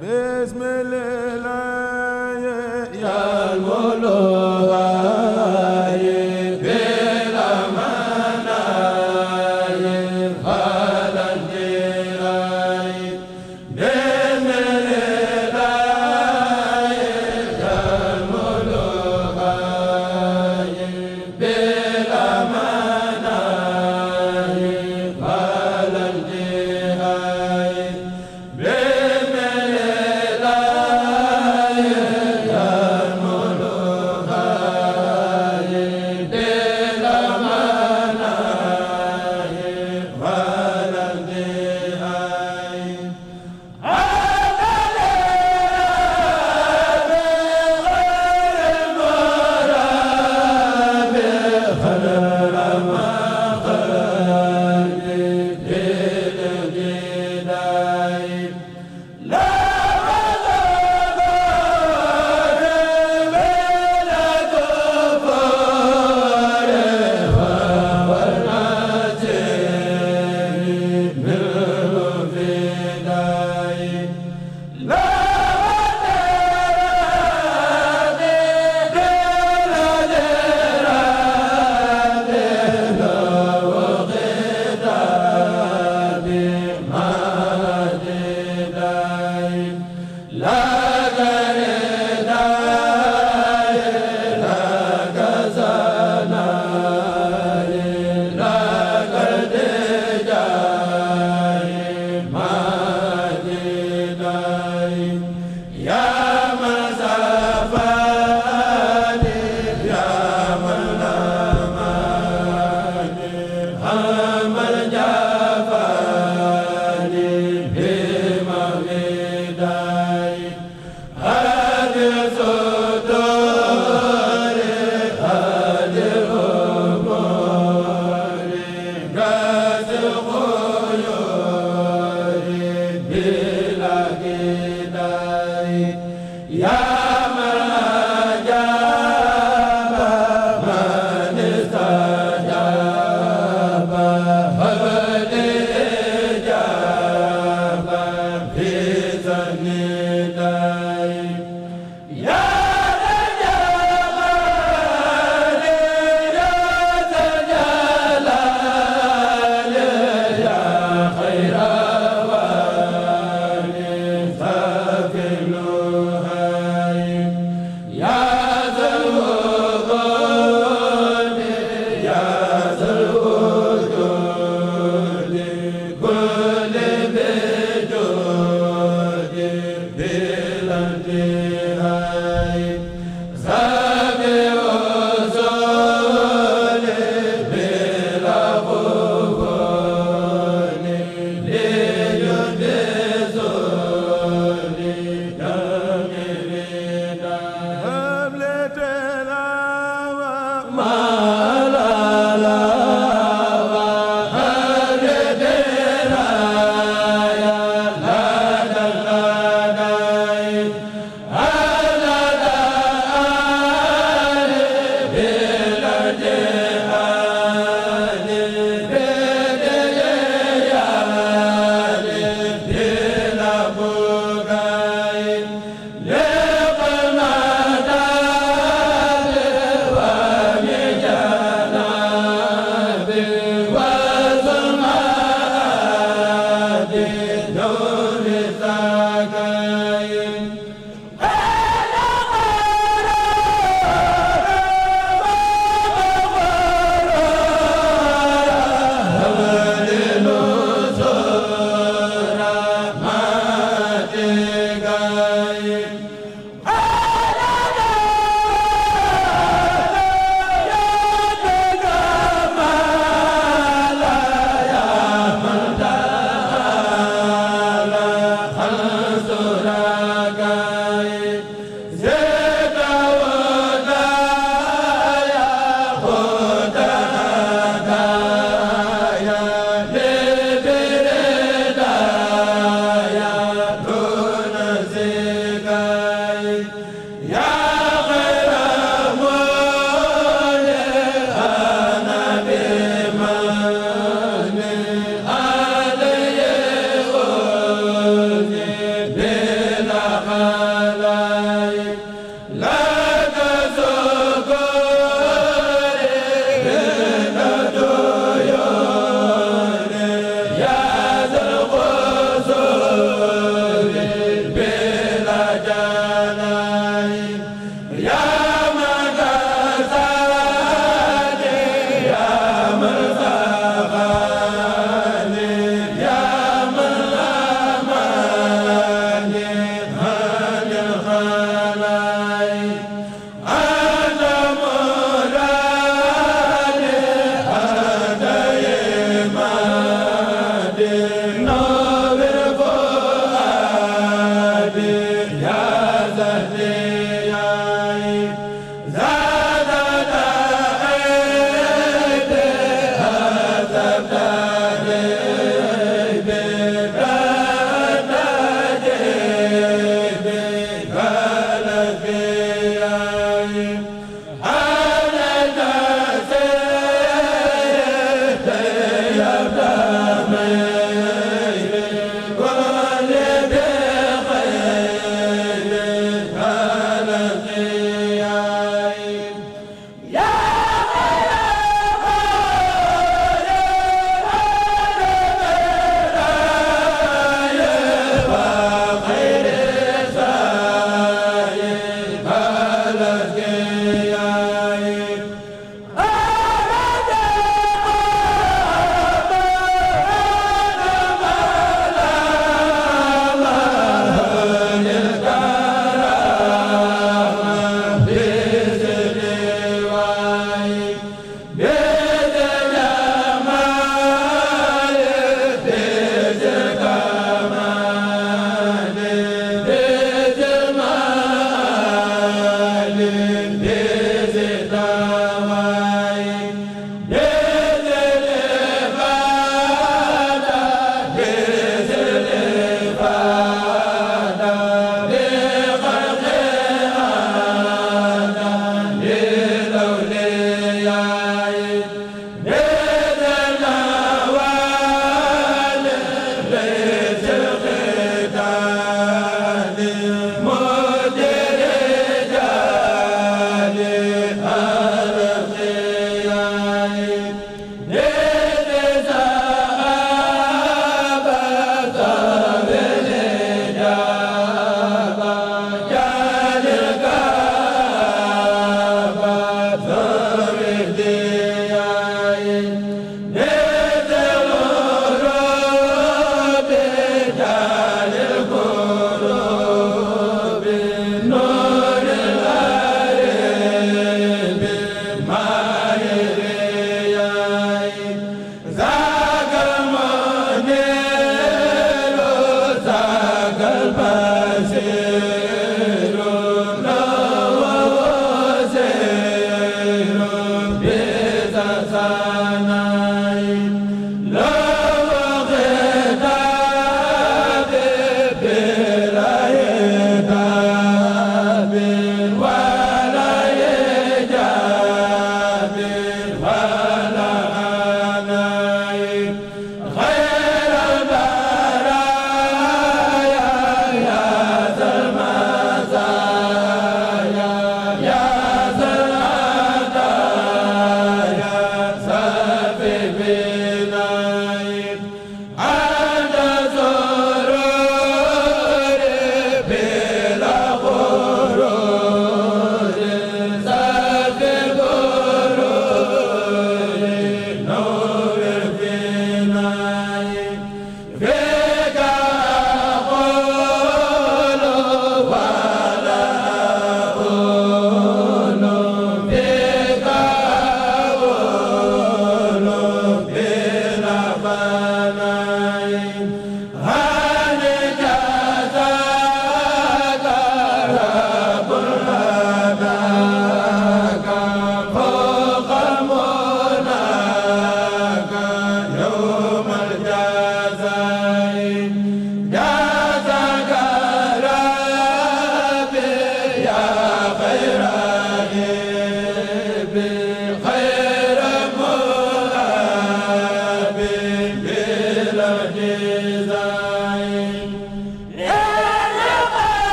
Bismillah ya al-mulk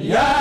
ya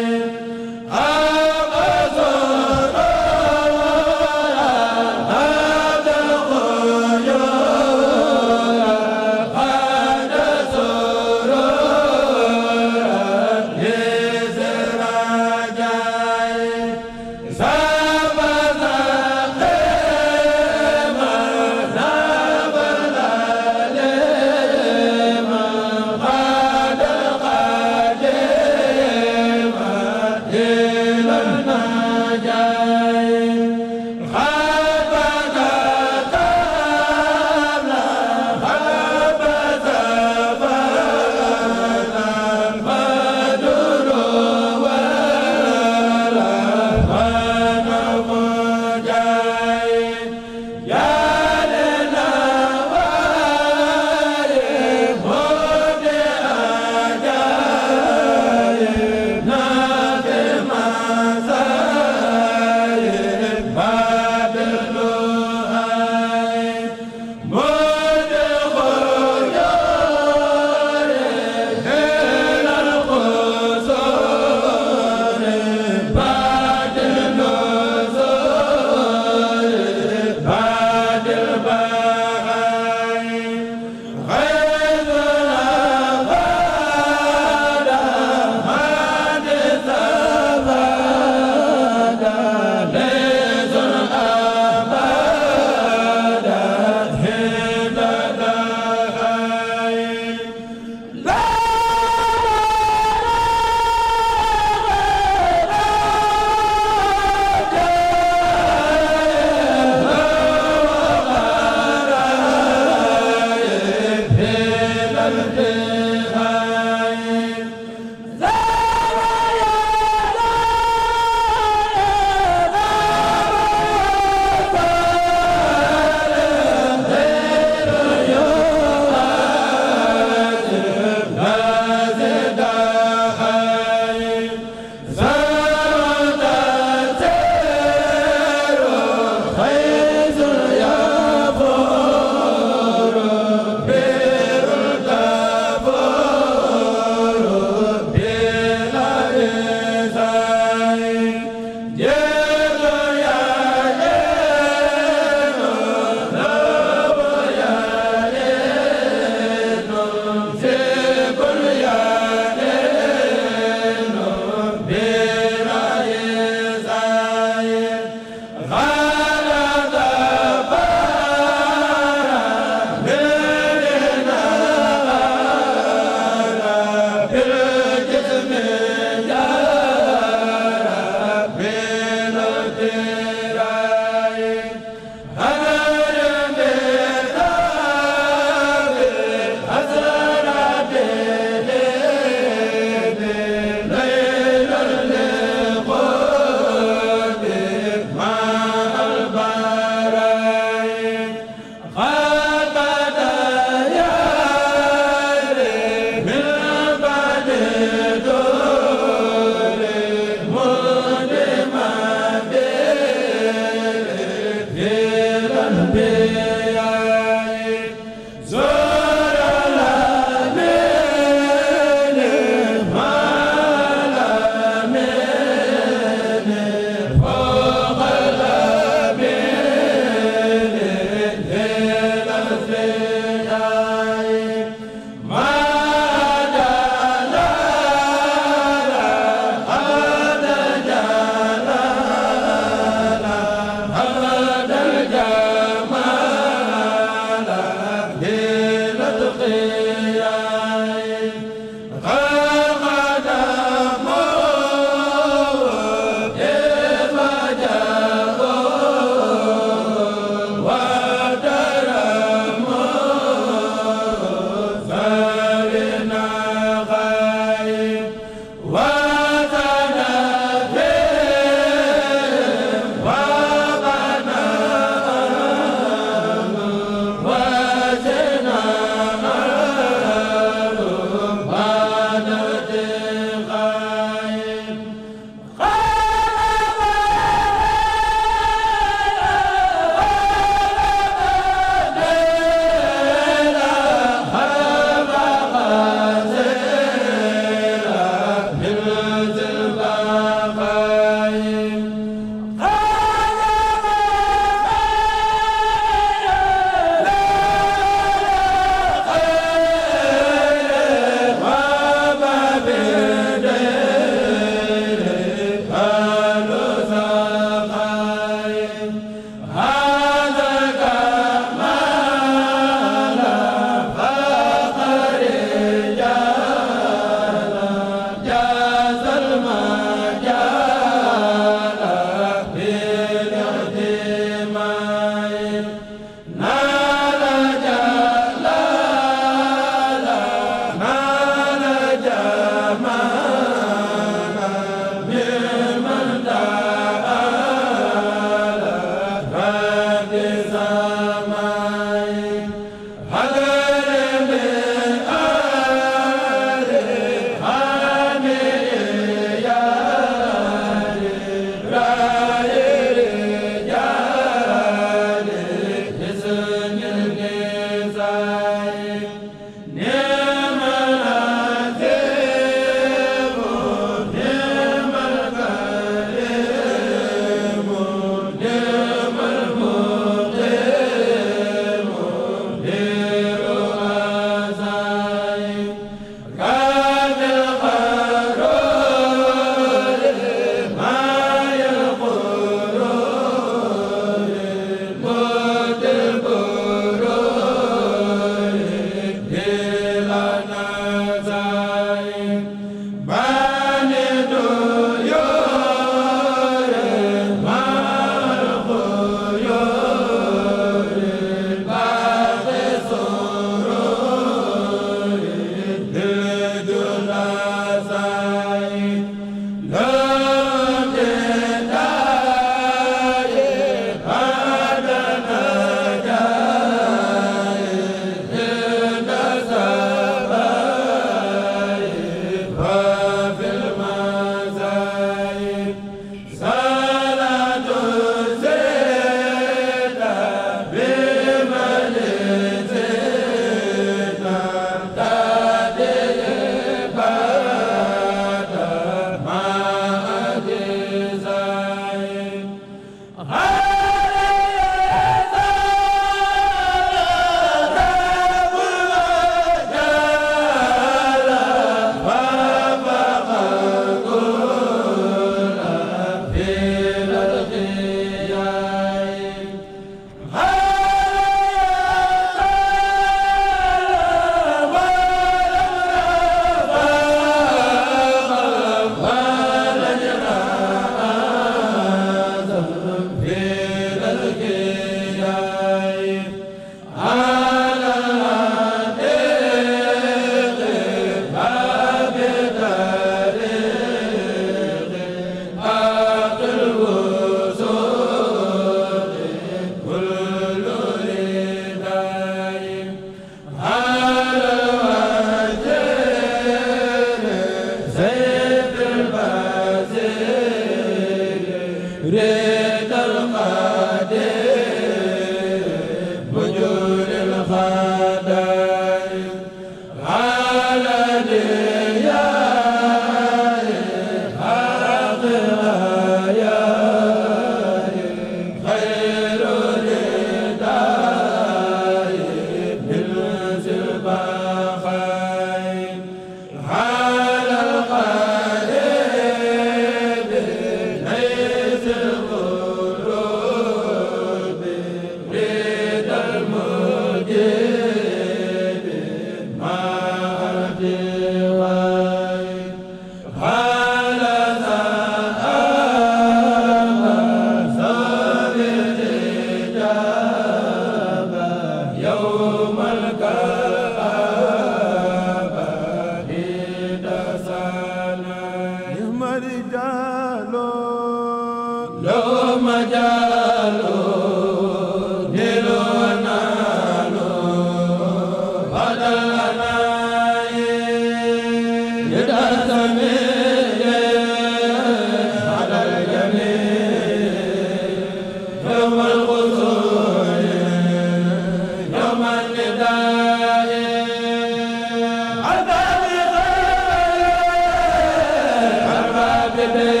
Muhammad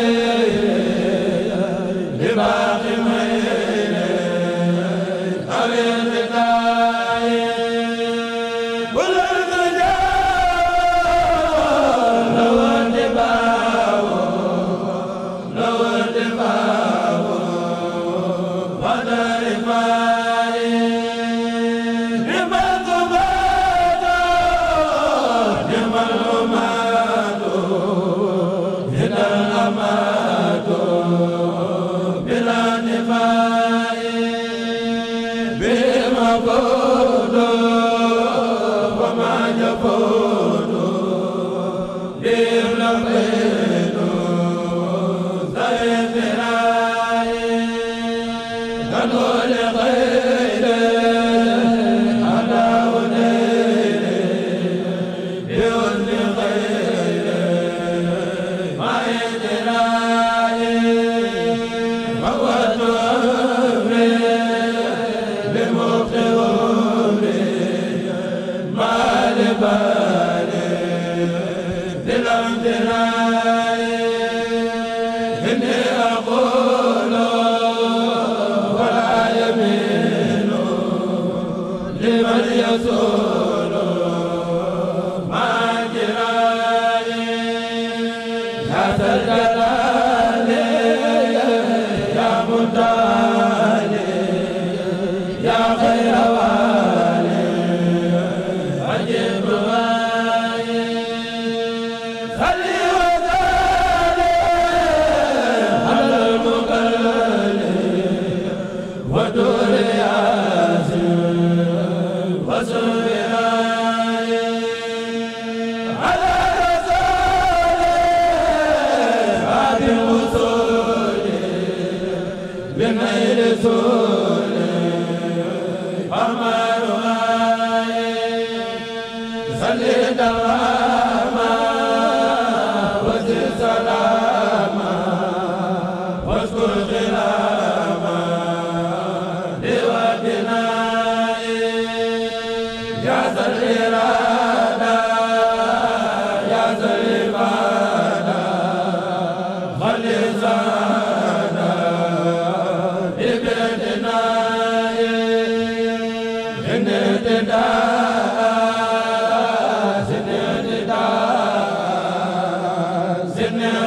liman yasoo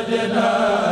sajada